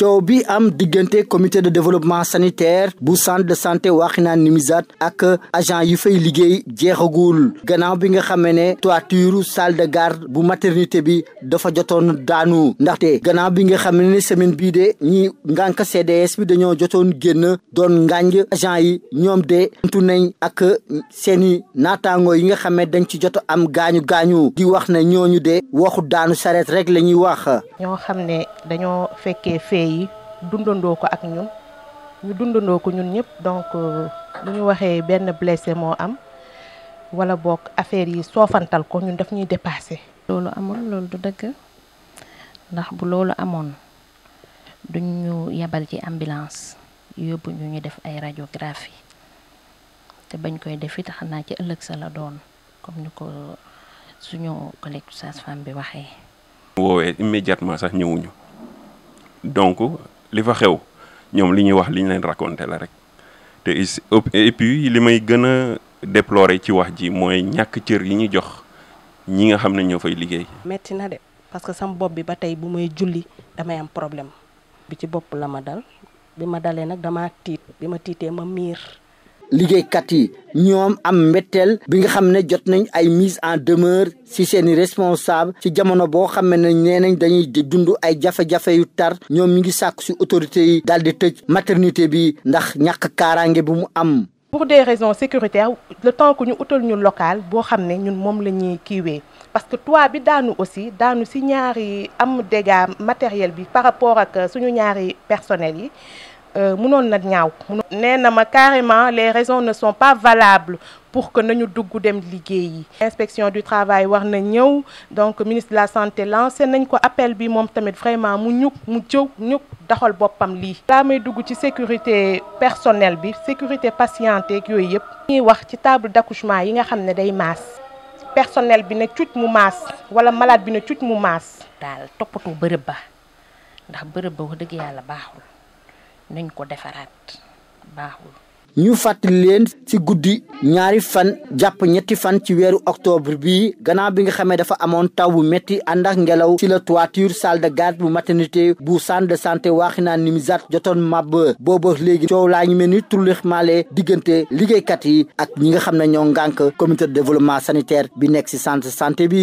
coow bi am diggante comité de développement sanitaire bu centre de santé Wakhinane Nimzatt ak agent yi fay liggéey jeexagul gannaaw bi nga xamee ne toiture salle de garde bu maternité bi dafa jotoon daanu ndaxte gannaaw bi nga xamee ne semaine bii de ñi ngànk CDS bi dañoo jotoon génn doon ngànj agent yi ñoom de tuntu nañ ak seeni naataango yi nga xam ne dañ ci jot am gaañu gaañu di wax ne ñooñu de waxu daanu sareet rek la ñuy wax ñoo xam dañoo fekkee yi dundandoo ko ak ñun ñu dundandoo ko ñun ñëpp donc bu euh, waxee benn blessé moo am wala bokk affaire yi soofantal ko ñun daf ñuy dépassé. loolu amul loolu du dëgg ndax bu loolu amoon duñ ñu yabal ci ambulance yóbbu ñu ñu def ay radiographie te bañ koy def it xam naa ci ëllëg sa la doon comme ni ko suñu collègue sage-femme bi waxee. woowee immédiatement sax ñëwuñu. donc li fa xew ñoom li ñuy wax liñ leen raconté la rek te et li may gën a déplorer ci wax ji mooy ñàkk cër yi ñu jox ñi nga xam ne ñoo fay liggéey. metti na de parce que sam bopp bi ba tey bu may julli damay am problème bi ci bopp la ma dal bi ma dalee nag dama tiit bi ma tiitee ma miir. liggéeykat yi ñoom am mbetteel bi nga xam ne jot nañ ay mise en demeure ci seeni responsable ci jamono boo xam ne nee nañ dañuy dund ay jafe-jafe yu tar ñoom ñu ngi sàkku ci autorités yi daal di tëj maternité bi ndax ñàkk kaaraange bu mu am. pour des raisons sécuritaires le temps que ñu utal ñu local boo xam ne ñun moom la ñuy kiiwee parce que toit bi daanu aussi daanu ci ñaari am dégâts matériel bi par rapport ak suñu ñaari personnel yi. Euh, carrément les raisons ne sont pas valables pour que nous inspection du travail war na donc ministre de la santé lancé nañ appel bi mom tamit vraiment mu ñuk mu sécurité personnelle bi sécurité patiente ak table d'accouchement yi personnel bi ne mu wala malade ne mu ba ndax nañ ko defaraat baaxul. ñu fàttali leen ci guddi ñaari fan jàpp ñetti fan ci weeru octobre bi gannaaw bi nga xamee dafa amoon taw bu métti ànd ak ngelaw ci la toiture salle de garde bu maternité bu centre de santé Wakhinane Nimzatt jotoon màbb booba léegi coow laa ñu mel ni turlix maale diggante liggéeykat yi ak ñi nga xam ne ñoo ngànk comité de développement sanitaire bi nekk ci centre santé bi